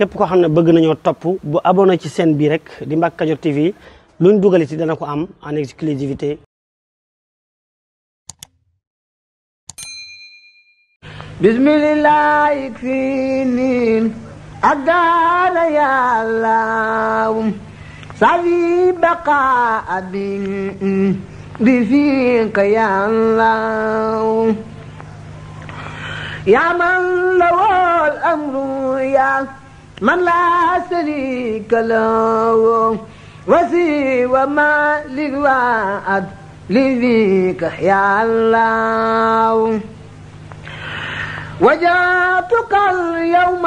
képp koo xam ne bëgg nañoo topp bu abonné ci seen bi rek di Mbacke Kadior TV luñ dugal ci dana ko am en exclusivité bismillahi fiinin aggaana yàllaawum safi baqa abin bi fiinka yàllaawum yaaman lawoo من لا شريك له وسوى ما للوعد لذيك يا الله وجاتك اليوم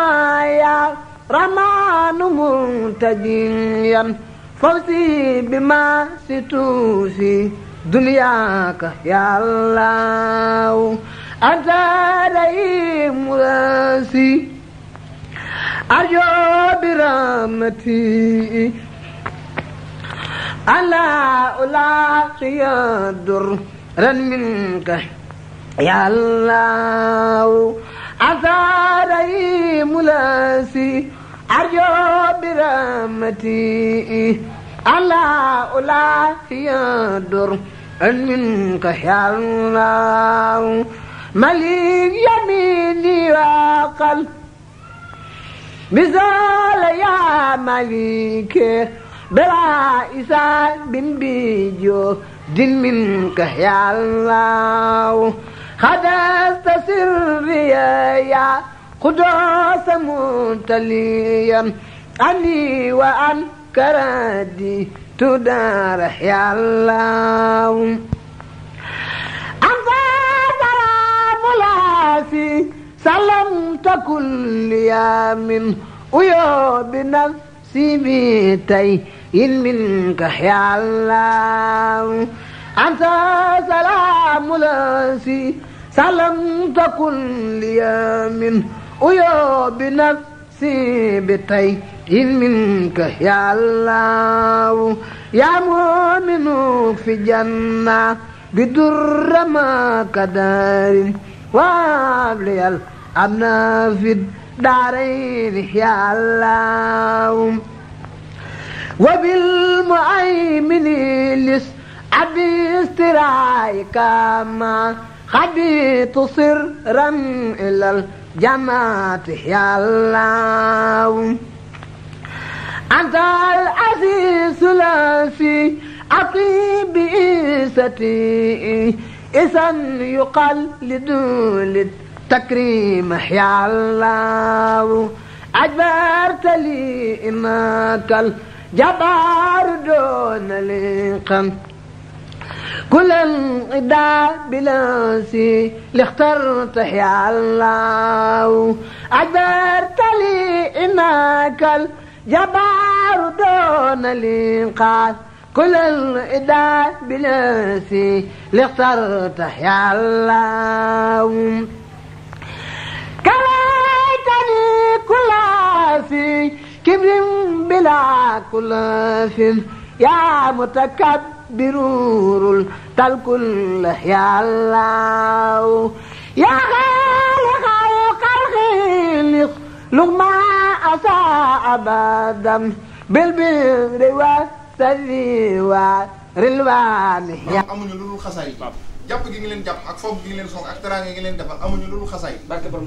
يا رمان منتجيا فوزي بما ستوفي دنياك يا الله أنت رئيم راسي أرجو برامتي ألا ألاقي درا منك يا الله أثاري ملاسي أرجو برامتي ألا ألاقي درا منك يا الله مليك يميني وقلبي مثال يا مليك بلا إسان بيجو دين منك يا الله خدست سري يا قدوس متليا عني وعن كردي تدار يا الله تكن ليا من ويوب نفسي بتين منك يا الله أنت سلام لاسي سلام تكن ليا من ويوب نفسي بتين منك يا الله يا مؤمن في جنة بدر ما كدار وابلي am na fi daarayni yaa allah lis abi istiraayka ma xabitu sirran ilal jamaati yaa allah anta al azizu la fi aqib isati isan yuqal li التكريم يا الله أجبرت لي إنك الجبار دون لقم كل انقضاء بلاسي اللي اخترت يا الله أجبرت لي إنك الجبار دون لقم كل الإداء بلاسي اللي اخترت يا الله كليتني كلاسي كبر بلا كلاف يا متكبر تلك يا الله يا خالق الخلق لغما أساء أبدا بالبر والتذي والرلوان يا amuñu lu dul xasaay jàpp gi ngi leen jàpp ak foog gi ngi leen foog ak teraanga gi ngi leen defal amuñu loolu xasaay moo tax mu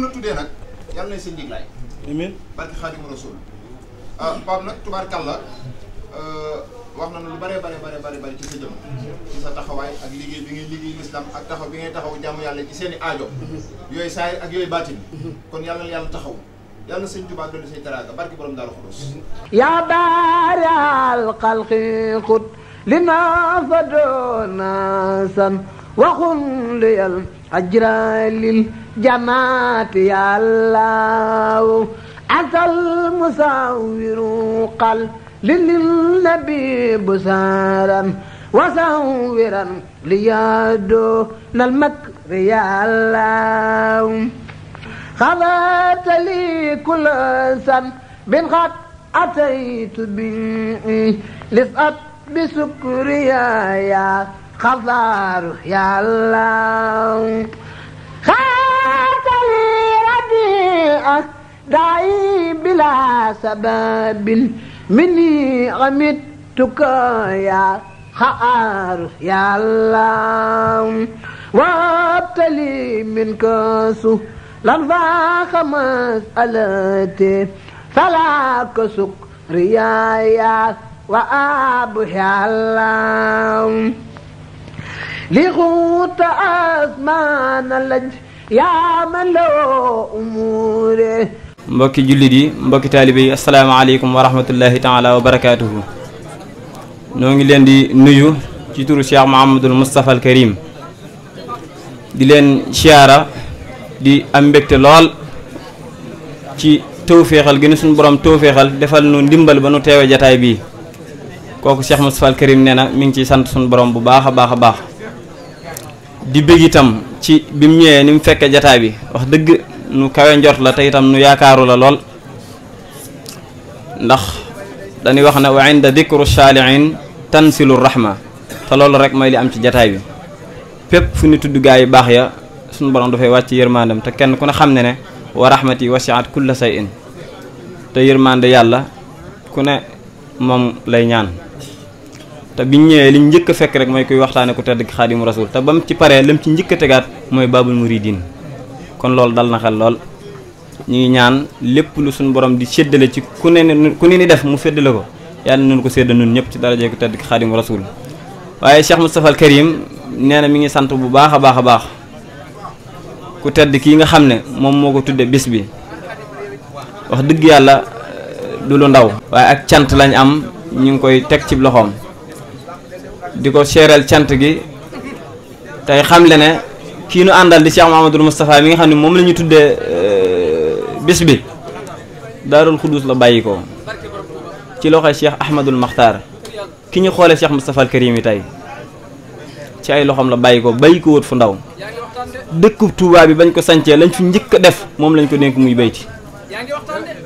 la ko barke Xaadimu ah, euh, wax na lu bare bare bare bare bëri ci sa sa taxawaay ak liggéey bi ngay liggéey lislam ak taxaw bi ngay taxaw jàmm yàlla ci seen i yooyu saay ak yooyu baatin kon yàlla yàlla taxaw yàlla na sëñ Tuubaa dolli say teraanga barke borom daal xudus yaa baari al xut لنا فدونا سن وقل لي الأجر للجماعة يا الله أتى المساور قل للنبي بسارا وساورا ليادو للمكر يا الله خذت لي كل سن بن قد أتيت به لسأت بسكريا يا خضار يا الله خاتلي رديئك دعي بلا سبب مني غمدتك يا خار يا الله وابتلي منك سهلا ذاك مسألتي فلا كسك ريايا وأبو حلام لغوت أزمان لج yaa man loo umuure mbokki jullit yi mbokki taalibe yi asalaamaaleykum wa rahmatullahi taala noo ngi leen di nuyu ci turu Cheikh Mouhamadul Moustapha al di leen siyaara di am mbégte lool ci tawféexal gi nu suñu borom tawféexal defal nu ndimbal ba nu teewe jataay bii kooku Cheikh Moustapha Al Karim nee na mi ngi ciy sant suñu borom bu baax a baax a baax di bëgg itam ci bi mu ñëwee ni mu fekkee jataay bi wax dëgg nu kawe njort la te itam nu yaakaaru la lool ndax dañuy wax ne waa inda dikru saalihin tansilu rahma te loolu rek mooy li am ci jataay bi fépp fu ñu tudd gaa baax ya suñu borom dafay wàcc yërmandam te kenn ku ne xam ne ne wa rahmati wasiat kulla sayin te yërmande yàlla ku ne moom lay ñaan te biñ ñëwee li njëkk a fekk rek mooy kuy waxtaane ku tedd ki xaadimu rasul te bam ci paree lam ci njëkk a tegaat mooy baabul muridin kon loolu dal na xel lool ñu ngi ñaan lépp lu suñu borom di séddale ci ku ne ni ku ne ni def mu séddale ko yàlla nun ko séddal nun ñëpp ci daraje ku tedd ki xaadimu rasul waaye Cheikh Moustapha al Karim nee na mi ngi sant bu baax a baax a baax ku tedd kii nga xam ne moom moo ko tudde bis bi wax dëgg yàlla du lu ndaw waaye cant lañ am ñu ngi koy teg ci loxoom di ko seereel cant gi tey xam xamle ne kii nu àndal di Cheikh Mouhamadul Moustapha mi nga xam ne moom la ñu tuddee euh, bis bi daarul xuduus la bàyyi ko ci loxoy Cheikh Ahmadul ki ñu xoolee Cheikh Moustapha al Karim yi tey ci ay loxoom la bàyyi ko bàyyi ko wut fu ndaw dëkku Touba bi bañ ko sancee lañ fi njëkk a def moom lañ ko dénk muy bayti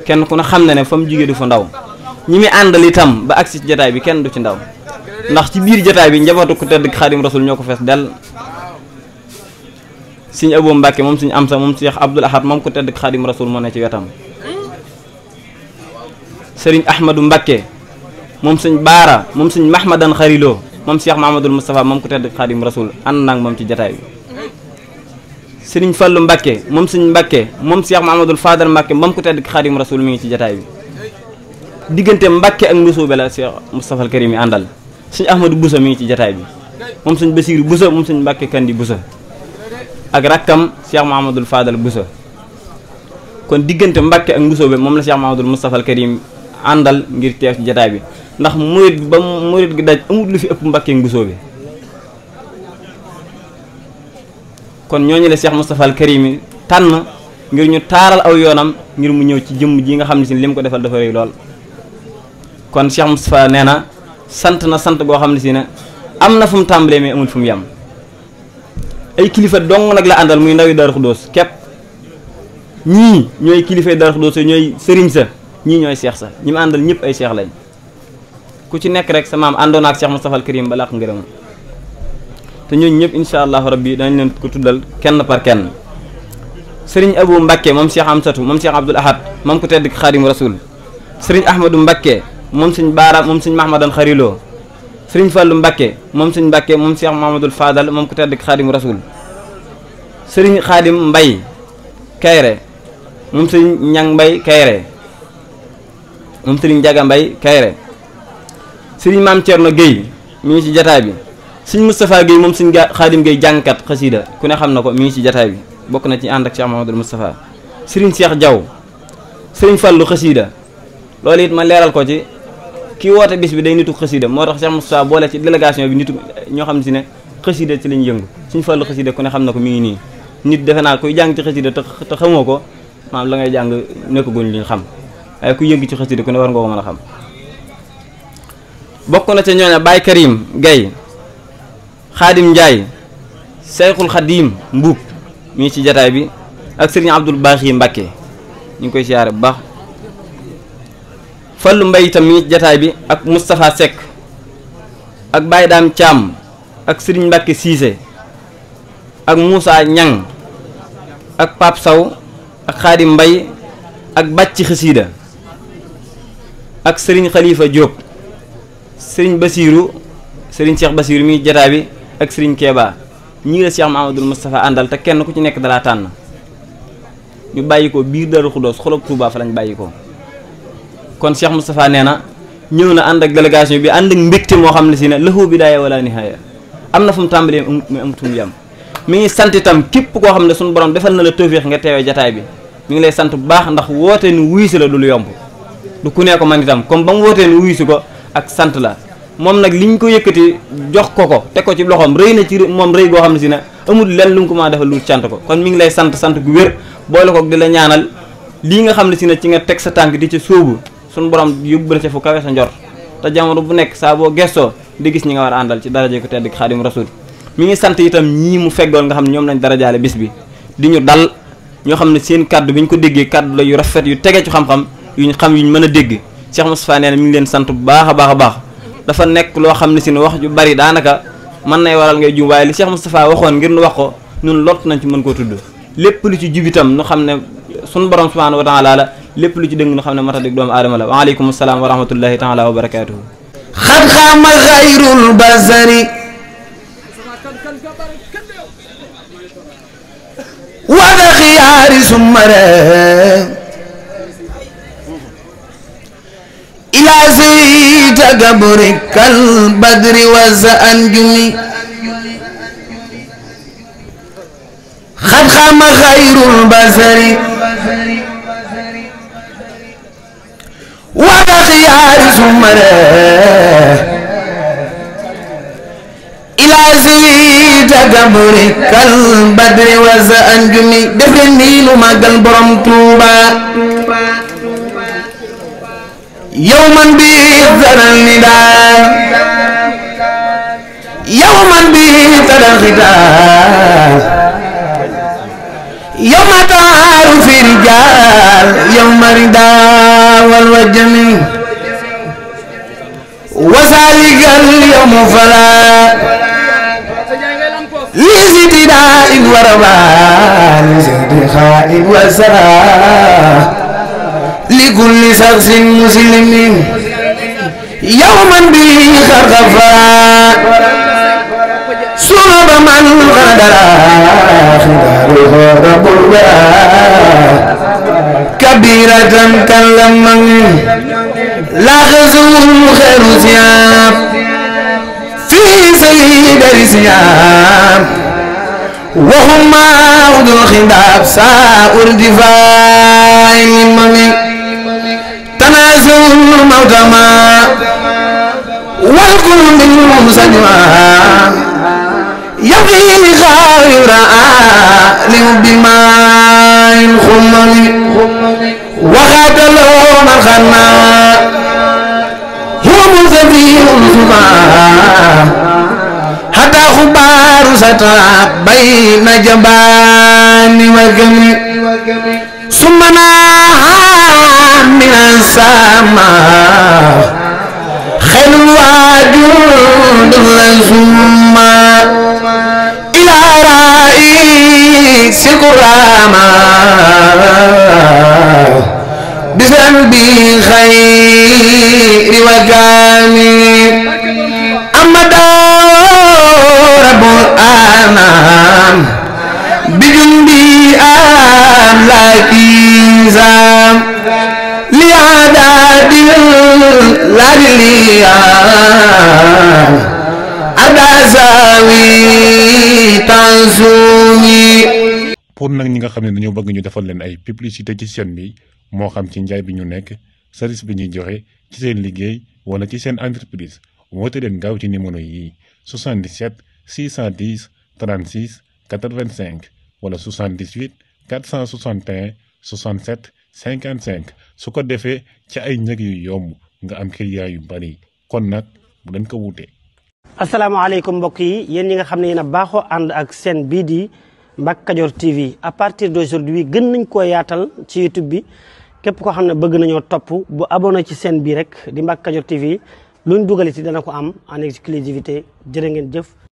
kenn ku ne xam na ne fa mu jugee fu ndaw ñi muy àndal itam ba agsi jataay bi kenn du ci ndaw ndax ci biir jataay bi njabootu ku tedd xaadim rasul ñoo ko fees dell suñu Abo Mbàkke moom suñu Amsa moom Cheikh Abdoul Ahad moom ku tedd xaadim rasul moo ne ci wetam sëriñ Ahmadou Mbàkke moom suñ Baara moom suñ Mahmadan Xariloo moom Cheikh Mahamadul Moustapha moom ku tedd xaadim rasul ànd moom ci jataay bi sëriñ Fallou Mbàkke moom suñ Mbàkke moom Cheikh Mahamadul Fadal Mbàkke moom ku tedd xaadim rasul mi ngi ci jataay bi diggante Mbàkke ak Ndousoubé la Cheikh Moustapha Al Karim yi àndal sëñ Ahmadou Bousso mi ngi ci jataay bi moom sëñ Basiiru Bousso moom sëñ Mbàkke Kandi Bousso ak rakkam Cheikh Mahamadul Fadal busa kon diggante Mbàkke ak Bousso bi moom la Cheikh Mahamadul Moustapha al Karim àndal ngir teew ci jataay bi ndax murit ba murit gi daj amul lu fi ëpp Mbàkke ak bi kon ñooñu la Cheikh Moustapha al Karim yi tànn ngir ñu taaral aw yoonam ngir mu ñëw ci jëmm ji nga xam ne si li mu ko defal dafa rëy lool kon Cheikh Moustapha nee sant na sant goo xam ne si ne am na fu mu tàmbalee mais amul fu mu yem ay kilifa dong nag la àndal muy ndawi Darou Khoudoss képp ñii ñooy kilifay Darou Khoudoss ñooy sëriñ sa ñii ñooy seex sa ñi mu àndal ñëpp ay seex lañ ku ci nekk rek sa maam àndoon ak Cheikh Moustapha al Karim ba làq te ñooñu ñëpp incha allah rabbi danañ leen ko tuddal kenn par kenn. sëriñ Abou Mbakke moom Cheikh Amsatu moom Cheikh Abdoul Ahad moom ku tedd Xaadimu Rasul sëriñ Ahmadou Mbakke moom sëñ baara moom sëñ mahmadan xariloo sëriñ fàllu mbàkke moom sëñ mbàkke moom cheikh mahamadul fadal moom ku tedd xaadim rasul sëriñ xaadim mbay kayre moom sëriñ ñang mbay kayre moom sëriñ jaga mbay kayre sëriñ maam Thierno Guèye mi ngi ci jataay bi sëriñ Moustapha Guèye moom sëriñ xaadim Guèye jàngkat xasiida ku ne xam na ko mi ngi ci jataay bi bokk na ci ànd ak cheikh mahamadul moustapha sëriñ cheikh jaw sëriñ fàllu xasiida loolu it ma leeral ko ci ki woote bis bi day nitu xasida moo tax Cheikh Moustapha boole ci délégation bi nitu ñoo xam si ne xasida ci lañ yëngu suñ fàllu xasida ku ne xam na ko mu ngi nii nit defe naa kuy jàng ci xasida te xamoo ko maam la ngay jàng nekkaguñ liñ xam waaye ku yëngu ci xasida ku ne war nga ko mën a xam bokk na ca ñooña Baye Karim gay Xaadim Njaay Seyxul Xadim mbub mu ngi ci jataay bi ak Sëriñ Abdul Baaxi Mbàkke ñu ngi koy siyaare bu baax Fallu mbayitam mi ngi jataay bi ak Moustapha Seck ak Baye Daam Thiam ak sëriñ Mbacke siise ak Moussa Ñang ak Pape Saw ak Xaadim Mbay ak Bàcci Xasiida ak Serigne Khalifa Diop Serigne Basirou Serigne Cheikh Basirou mi ngi jataay bi ak sëriñ keebaa ñi ngi seex Cheikh Mahamadul Moustapha àndal te kenn ku ci nekk dalaa tànn ñu bàyyi ko biir Darou Khoudoss xolob Touba fa lañ bàyyi ko kon Cheikh Moustapha nee na ñëw na ànd ak délégation bi ànd ak mbégte moo xam ne si ne lahu bidaaya wala nihaaya am na fu mu tàmbalee amatum yam mu ngi sant itam képp koo xam ne suñu borom defal na la tawfeex nga teewee jataay bi mu ngi lay sant bu baax ndax woote nu wuyu si la du lu yomb du ku nee ko man itam comme ba mu wootee nu wuyu si ko ak sant la moom nag li ñu ko yëkkati jox ko ko teg ko ci loxoom rëy na ci moom rëy goo xam ne si ne amul lenn lu ko mën a lu sant ko kon mi ngi lay sant sant gu wér boole ko di la ñaanal lii nga xam ne si ne ci nga teg sa tànk di ci sóobu suñu borom yóbbu na ca fu kawe sa njor te jamono bu nekk saaboo boo gestoo di gis ñi nga war a àndal ci daraje ko tedd xaadim rasul mi ngi sant itam ñii mu feggoon nga xam ne ñoom lañ darajaale bis bi di ñu dal ñoo xam ne seen kàddu bi ñu ko déggee kàddu la yu rafet yu tege ci xam-xam ñu xam ñu mën a dégg Cheikh Moustapha nee na mi ngi leen sant bu baax baax a baax dafa nekk loo xam ne si ne wax ju bari daanaka mën nay waral ngay jum waaye li Cheikh Moustapha waxoon ngir nu wax ko ñun lott nañ ci mën koo tudd lépp lu ci jub itam xam ne suñu borom subhanahu wa taala la lépp lu ci dëng xam ne mata dig doomu aadama la waaleykum salaam wa rahmatullahi taala wa barakaatuhu xat xaama xayrul basari wada xiyaari summare ila sayta gabri kal badri wa sa anjumi xat xaama xayrul basari سمره إلى زيد قبر كالبدر وزأنجمي دفني لما قلبرم توبا يوما بذر النداء يوما بذر الغداء يوم تعارف الرجال يوم رداء والوجمين وذلك اليوم فلا لزدناء ورمان لزدخاء وسراء لكل شخص مسلم يوما به خرفا صلب من غدر خداره رب كبيرة كلمني لغزوه خير ثياب في سيد الثياب وهم عود الخباب ساء الدفاع للممي تنازل الموت ما والكل منهم سجما يبغي غير عالم بما الخمم وغدلوا من خنا حتى خبار سترى بين جبان وكم ثم نهى من السماء الأبلياء أبا pour nag ñi nga xam ne dañoo bëgg ñu defal leen ay publicité ci seen bi moo xam ci njaay bi ñu nekk service bi ñuy joxe ci seen liggéey wala ci seen entreprise woote leen gaaw ci numéro yi 77 610 36 85 wala 78 461 67 55 su ko defee ci ay njëg yu yomb. nga am client yu bari kon nag bu dañ ko wuute. asalaamaaleykum mbokk yi yéen yi nga xam ne yi na baaxoo ànd ak seen bii di Mbacke Kadior TV à partir d'aujourd'hui gën nañ ko yaatal ci YouTube bi képp koo xam ne bëgg nañoo topp bu abonné ci seen bii rek di Mbacke Kadior TV luñ dugaliti dana ko am en exclusivité jërë ngeen jëf.